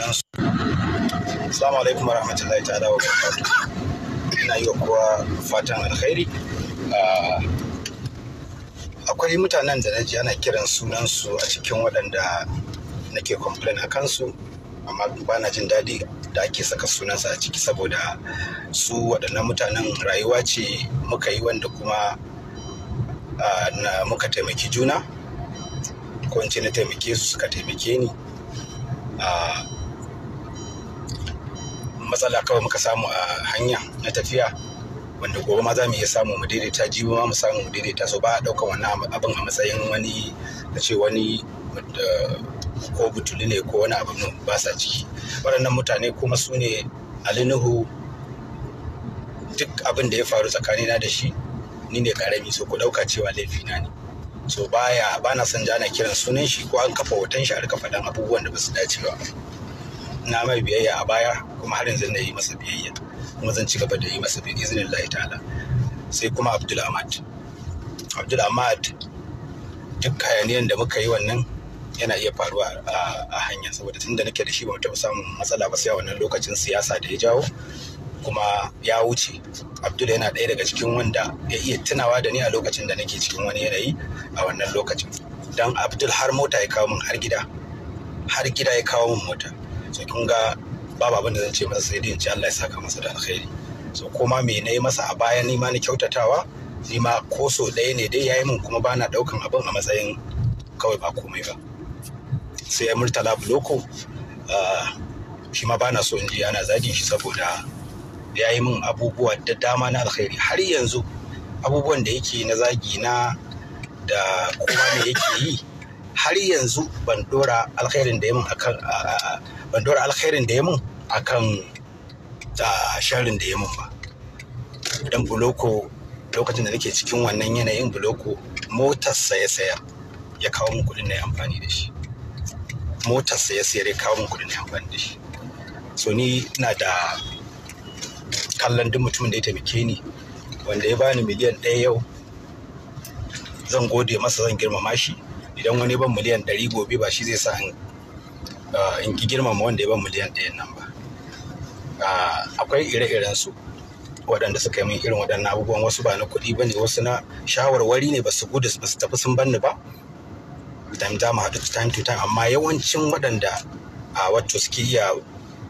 nasu assalamu alaikum wa ta'ala ina yi kowa fatan alkhairi ah, akwai mutanen da na ji ana kiran sunansu a cikin waɗanda nake complain a kansu amma ba na jin daɗi da ake saka sunansa a ciki saboda su waɗannan mutanen rayuwa ce muka yi wanda kuma ah, muka taimaki juna ko ce na taimake su suka taimake ni ah, matsala kawai muka samu a hanya na tafiya wanda gobe ma za mu iya samu mu daidaita jibi ma mu samu mu daidaita so ba a ɗaukan wannan abin a matsayin wani da ce wani ko butuli ne ko wani abu ba sa ciki waɗannan mutane kuma su ne alinuhu duk abin da ya faru tsakanina da shi ni ne karami so ku ɗauka cewa laifina ne so baya bana son jana kiran sunan shi ko an kafa hoton shi a rika faɗan abubuwan da ba su dace ba na mai biyayya a baya kuma har yanzu na yi masa biyayya kuma zan ci gaba da yi masa biyayya izinin Allah ta'ala sai kuma Abdul Ahmad Abdul Ahmad duk kayaniyan da muka yi wannan yana iya faruwa a hanya saboda tun da nake da shi ba mu samun matsala ba sai a wannan lokacin siyasa da ya jawo kuma ya wuce abdul yana ɗaya daga cikin wanda ya iya tunawa da ni a lokacin da nake cikin wani yanayi a wannan lokacin don abdul har mota ya kawo min har gida har gida ya kawo min mota Sai kun ga babu abin da zan ce masa sai dai in ce Allah ya saka masa da alkhairi so kuma me na yi masa a baya ni ma ni kyautatawa ni ma ko so ɗaya ne dai yayi min kuma ba na ɗaukan abin a matsayin kawai ba komai ba sai ya murtala bloko ah, shi ma ba na so in ji ana zagin shi saboda ya yi min abubuwa da dama na alkhairi har yanzu abubuwan da yake na zagi na da kuma me yake yi har yanzu ban dora alkhairin da ya min a ban dora alkhairin da ya mun akan sharin da ya mun ba Idan buloko lokacin da nake cikin wannan yanayin buloko motar ya sayar ya kawo mun kudin na amfani da shi motar saye sayar ya kawo mun kudin na amfani da shi so ni na da kallon duk mutumin da ya taimake ni wanda ya bani miliyan ɗaya yau zan gode masa zan girmama shi idan wani ban miliyan ɗari gobe ba shi zai sa Ah, in ki girmama wanda ya ba miliyan ɗaya nan ba ah, akwai ire-iren su waɗanda suka yi min irin waɗannan abubuwan wasu ba na kuɗi ba ne wasu na shawarwari ne ba su gudu ba su tafi sun banni ba time za mu haɗu time to time amma yawancin waɗanda a ah, wato suke iya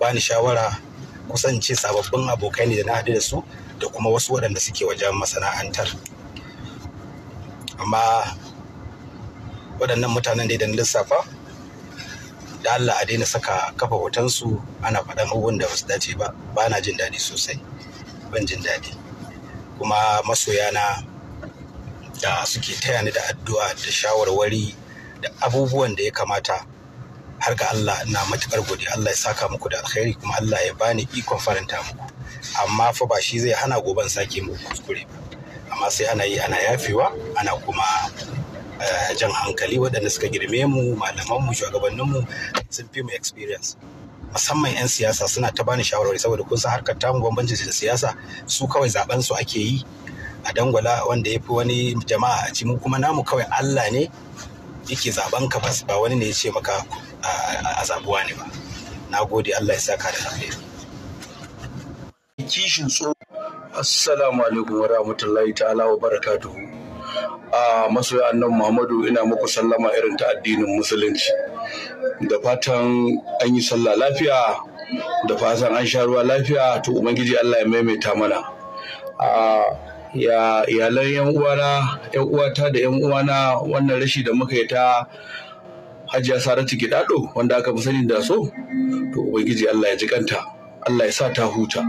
bani shawara kusance sababbin abokai ne da na haɗu da su da kuma wasu waɗanda suke wajen masana'antar amma waɗannan mutanen da idan lissafa da Allah a daina saka kafa hotonsu ana faɗan abubuwan da basu dace ba ba na jin daɗi sosai ban jin daɗi kuma masoya na da suke taya ni da addu'a da shawarwari da abubuwan da ya kamata har ga Allah na matukar gode Allah ya saka muku da alkhairi kuma Allah ya bani ikon faranta muku amma fa ba shi zai hana goban sake muku kuskure ba amma sai ana yi ana yafewa ana kuma Eh, jan hankali waɗanda suka girme mu malamanmu shugabanninmu sun fi mu experience musamman 'yan siyasa suna ta bani shawarwari saboda kun san harkar tamu da siyasa su kawai zaben su ake yi a dangwala wanda ya fi wani jama'a a mu kuma namu kawai Allah ne yake zaben ka ba wani ne ya ce maka a zabuwa ne ba na gode Allah ya saka da alheri kishin tso assalamu alaikum wa rahmatullahi ta'ala wa barakatuhu a masoya annan Muhammadu ina muku sallama irin ta addinin musulunci da fatan an yi sallah lafiya da fatan an sha ruwa lafiya to ubangiji Allah ya maimaita mana a ya iyalan yan uwana yan uwata da yan uwana wannan rashi da muka yi ta Hajiya Saratu Gidado wanda aka fi sani da so to ubangiji Allah ya ji kanta Allah ya sa ta huta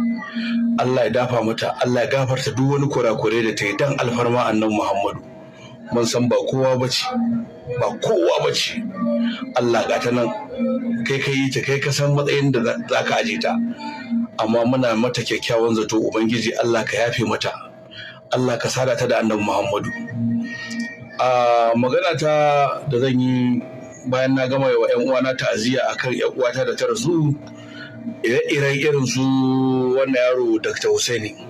Allah ya dafa mata Allah ya gafarta duk wani kurakure da ta yi dan alfarma annan Muhammadu mun san ba kowa ba ce ba kowa ba ce Allah ga ta nan kai ka yi ta kai ka san matsayin da za ka aje ta amma muna mata kyakkyawan zato ubangiji Allah ka yafe mata Allah ka sada ta da annabi Muhammadu a magana ta da zan yi bayan na gama wa ƴan uwana ta'aziyya akan ƴan uwata da ta rasu ire-iren irin su wannan yaro Dr. Hussaini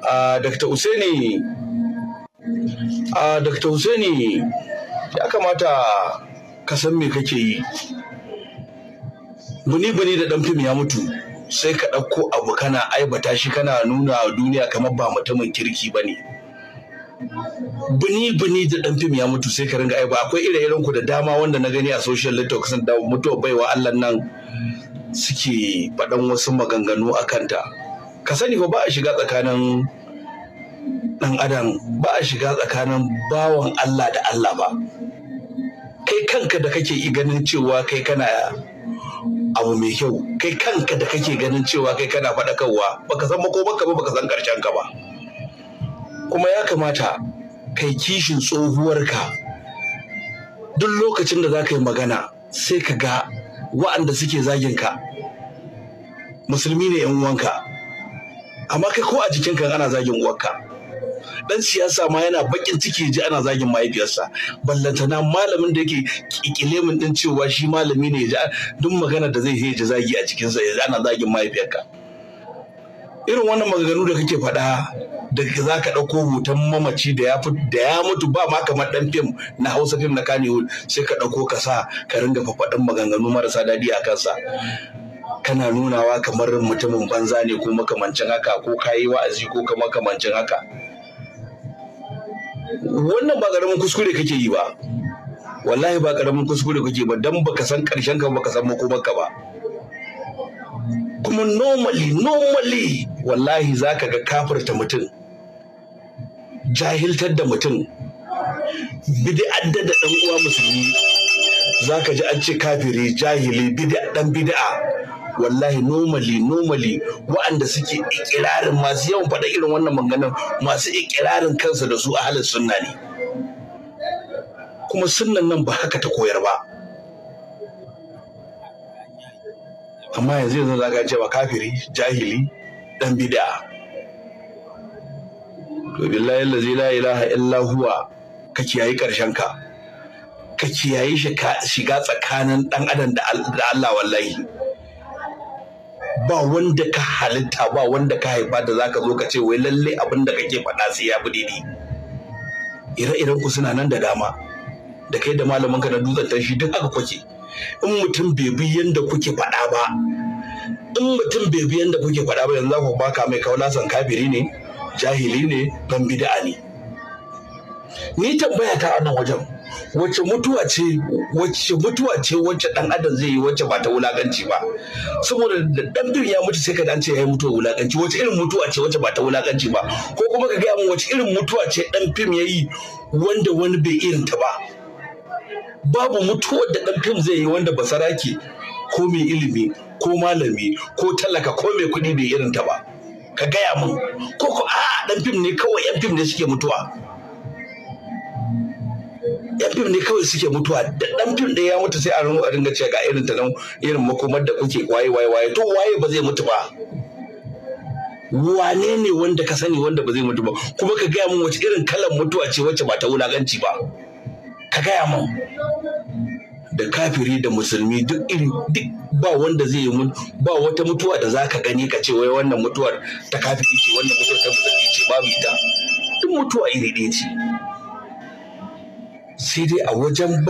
Uh, Dr. Usaini a dr Hussaini ya kamata ka san me kake yi buni-buni da ɗan fim ya mutu sai ka ɗauko abu kana aibata shi kana nuna duniya kamar ba mutumin kirki ba ne buni-buni da ɗan fim ya mutu sai ka ringa aiba akwai ire-iren ku da dama wanda na gani a social network sun da mutuwa baiwa Allah nan suke faɗan wasu maganganu a kanta ka sani ba a shiga tsakanin ɗan adam ba a shiga tsakanin bawan Allah da Allah ba kai kanka da kake ganin cewa kai kana abu mai kyau kai kanka da kake ganin cewa kai kana faɗakarwa baka san makomarka ba baka san ƙarshen ka ba kuma ya kamata kai kishin tsohuwarka duk lokacin da za ka yi magana sai ka ga wa'anda suke zagin musulmi ne yan uwanka amma kai ko a jikinka ana zagin uwarka dan siyasa ma yana bakin ciki ji ana zagin mahaifiyarsa ballantana malamin da yake kikilemin din cewa shi malami ne ya duk magana da zai ji zagi a cikinsa ya ana zagin mahaifiyarka irin wannan maganganu da kake faɗa da za ka ɗauko hoton mamaci da ya da ya mutu ba ma kamar ɗan fim na hausa fim na kanihul sai ka ɗauko ka sa ka ringa faɗin maganganu marasa daɗi a kansa kana nunawa kamar mutumin banza ne ko makamancin haka ko kayi wa'azi ko kamar makamancin haka wannan ba ƙaramin kuskure kake yi ba wallahi ba ƙaramin kuskure kake ba dan baka san karshen ka baka san ka ba kuma normally normally wallahi zaka ga kafirta mutum jahiltar da mutum bid'adda da dan uwa musulmi zaka ji an ce kafiri jahili bid'a dan bid'a wallahi nomali nomali, waɗanda suke ikirarin masu yawan faɗa irin wannan maganar masu ikirarin kansa da su a halin sunna ne kuma sunnan nan ba haka ta koyar ba amma yanzu yanzu za ka cewa kafiri jahili dan bid'a to billahi allazi la ilaha illa huwa ka kiyayi karshen ka ka kiyaye shiga tsakanin dan adam da Allah wallahi ba wanda ka halitta ba wanda ka haifa da za ka zo ka ce wai lalle abin da kake faɗa sai ya bi ne ire-iren ku suna nan da dama da kai da malamin ka na dutsen tashi duk haka kuke in mutum bai bi yanda kuke faɗa ba in mutum bai bi yanda kuke faɗa ba yanzu ku baka mai kaula san kafiri ne jahili ne ban bid'a ne ni tambaya ta a nan wajen Wace mutuwa ce wacce mutuwa ce wacce dan adam zai yi wacce ba ta wulakanci ba saboda da dan bin ya mutu sai ka dan ce ya mutuwa wulakanci wacce irin mutuwa ce wacce ba ta wulakanci ba ko kuma ka gaya min wacce irin mutuwa ce dan fim yayi wanda wani bai irin ta ba babu mutuwar da dan fim zai yi wanda basaraki, ko mai ilimi ko malami ko talaka ko mai kuɗi bai irin ta ba ka gaya min ko ko a dan fim ne kawai yan fim ne suke mutuwa yan fim ne kawai suke mutuwa da dan fim ɗaya ya mutu sai a rungu a ringa ce ga irin ta nan irin makomar da kuke waye waye waye to waye ba zai mutu ba wane ne wanda ka sani wanda ba zai mutu ba kuma ka gaya min wace irin kalan mutuwa ce wacce ba ta wulaganci ba ka gaya min da kafiri da musulmi duk iri duk ba wanda zai yi ba wata mutuwa da za ka gani ka ce wai wannan mutuwar ta kafiri ce wannan mutuwar ta musulmi ce babu ita duk mutuwa iri ɗaya ce sai dai a wajen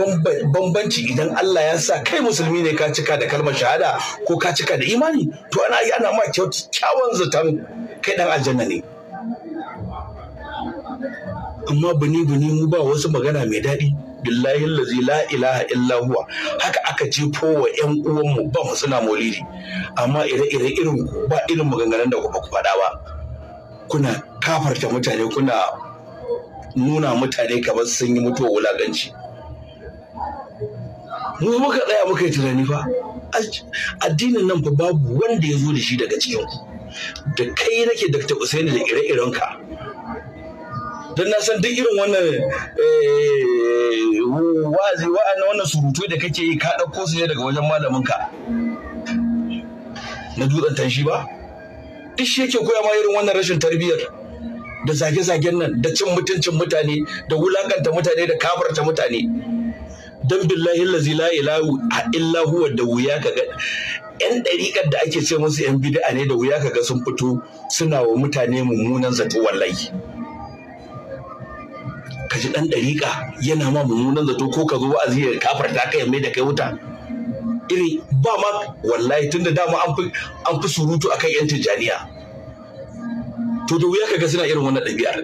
bambanci idan Allah ya sa kai musulmi ne ka cika da kalmar shahada ko ka cika da imani to ana yi ana ma kyawun zaton kai dan aljanna ne amma bini bini mu ba wasu magana mai daɗi billahi lazi la ilaha illa huwa haka aka jefo wa ƴan uwanmu ba mu suna molidi amma ire-ire irin ba irin maganganun da ku ba ku faɗa ba kuna kafarta mutane kuna nuna mutane kamar sun yi mutuwa wulaƙanci mu muka tsaya muka yi tunani fa addinin nan fa babu wanda ya zo da shi daga cikin da kai nake Dr. Usaini da ire-irenka don na san duk irin wannan eh, wazi wa'annan wannan surutu da kake yi ka ɗauko su ne daga wajen malaminka na dutsen tanshi ba duk shi yake koya ma irin wannan rashin tarbiyyar da zage-zagen nan da cin mutuncin mutane da wulakanta mutane da kafarta mutane don billahi lazi la a huwa da wuya kaga yan ɗariƙar da ake ce musu yan bid'a ne da wuya kaga sun fito suna wa mutane mummunan zato wallahi ka ji ɗan ɗariƙa yana ma mummunan zato ko ka zo wa'azi ya kafarta ka ya mai da kai wuta iri ba ma wallahi tunda dama an fi surutu akan yan tijjaniya to da wuya kaga suna irin wannan ɗabi'ar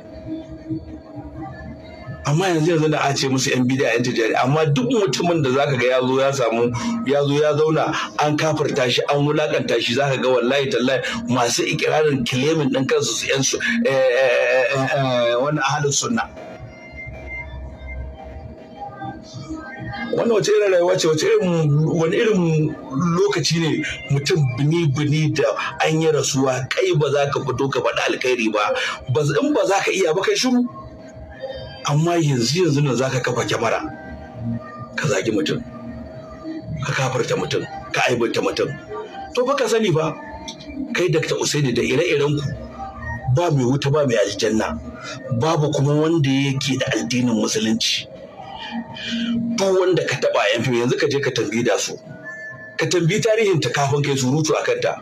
amma yanzu yanzu da an ce musu yan ya yan tijari amma duk mutumin da zaka ga ya zo ya samu ya ya zauna an kafirta shi an wulakanta shi zaka ga wallahi tallahi masu ikirarin kilimin ɗin kansu su yan su eh, eh, eh, wani ahalin sunna wannan wace irin rayuwa ce wace irin wani irin lokaci ne mutum bini bini da an yi rasuwa kai ba za ka fito ka faɗa alkhairi ba in ba za ka iya ba kai shiru amma yanzu yanzu nan za ka kafa kyamara ka zagi mutum ka kafarta mutum ka aibinta mutum to ba sani ba kai dakta usaini da ire-iren ku ba mai wuta ba mai aljanna babu kuma wanda yake da addinin musulunci duk wanda ka taba yan fim yanzu ka je ka tambi da su ka tambi tarihin ta kafin kai surutu a kanta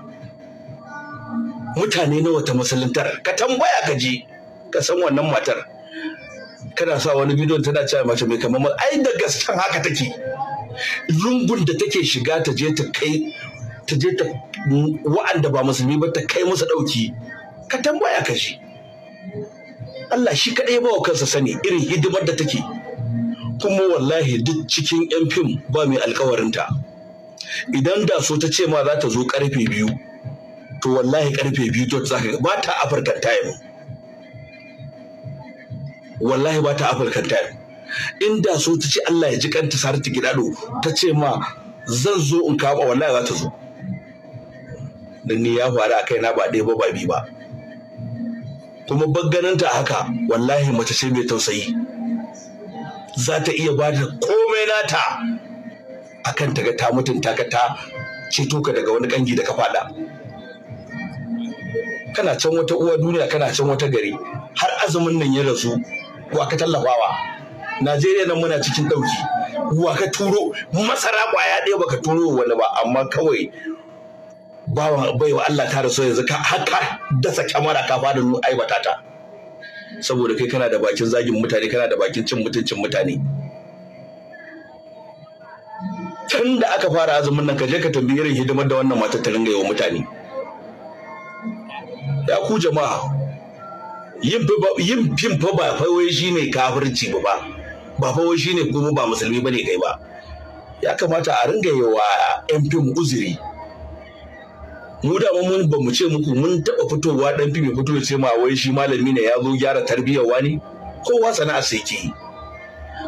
mutane nawa ta musuluntar ka tambaya ka je ka san wannan matar kana sa wani bidiyon tana cewa mace mai kamar ai da gaskan haka take lungun da take shiga ta je ta kai ta je ta wa'anda ba musulmi ba ta kai musu dauki ka tambaya ka ji. Allah shi kaɗai ba wa kansa sani irin hidimar da take kuma wallahi duk cikin yan fim ba mai alkawarinta idan da so ta ce ma za ta zo karfe biyu to wallahi karfe biyu to za ka ba ta afirkan time wallahi ba ta afirkan time inda so ta ce Allah ya ji kanta sar ta gidado ta ce ma zan zo in kama wallahi za ta zo dan ni ya faru a kaina ba ɗaya ba ba bi ba kuma ta haka wallahi mace ce mai tausayi za ta iya ba da komai nata kan ta ta mutunta ka ta ceto ka daga wani kangi da ka fada kana can wata uwa duniya kana can wata gari har azumin nan ya rasu wa ka tallafawa Najeriya nan muna cikin ɗauki wa ka turo masara kwaya ɗaya baka turo wani ba amma kawai bawa baiwa Allah ta rasu yanzu ka haka dasa kyamara ka fada aibata ta. saboda kai kana da bakin zagin mutane kana da bakin cin mutuncin mutane tun da aka fara azumin nan ka je ka tambayi irin hidimar da wannan matar ta ringa yi wa mutane ya ku jama'a yin fim fa ba fawai shine kafirci ba ba fawai shine kuma ba musulmi bane kai ba ya kamata a ringa yi wa yan fim uzuri mu da mun ba mu ce muku mun taba fitowa ɗan fi mai fito ya ce ma wai shi malami ne ya zo gyara tarbiyyar wani kowa sana'a sai ke yi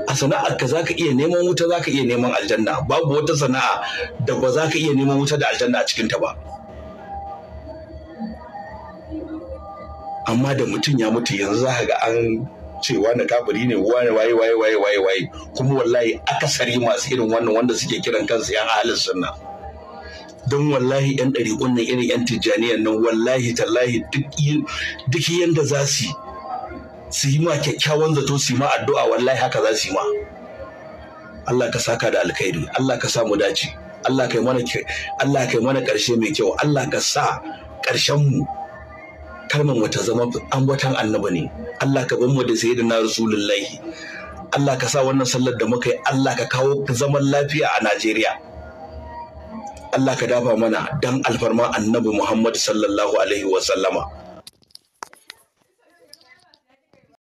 a sana'ar ka zaka iya neman wuta zaka iya neman aljanna babu wata sana'a da ba zaka iya neman wuta da aljanna a cikin ta ba amma da mutum ya mutu yanzu zaka ga an ce wani kafiri ne wani waye waye waye waye waye kuma wallahi akasari masu irin wannan wanda suke kiran kansu yan ahalin sunna don wallahi yan ɗari nan irin yan Tijjaniya nan wallahi tallahi duk yadda za su su yi ma kyakkyawan zato su yi ma addu'a wallahi haka za su yi ma Allah ka saka da alkhairi Allah ka samu dace Allah kai mana Allah kai mana ƙarshe mai kyau Allah ka sa ƙarshen mu kalmar mu ta an watan annaba ne Allah ka bar mu da sayyidina rasulullahi Allah ka sa wannan sallar da muka yi Allah ka kawo zaman lafiya a Najeriya Allah ka dafa mana dan alfarma annabi Muhammad sallallahu alaihi wa sallama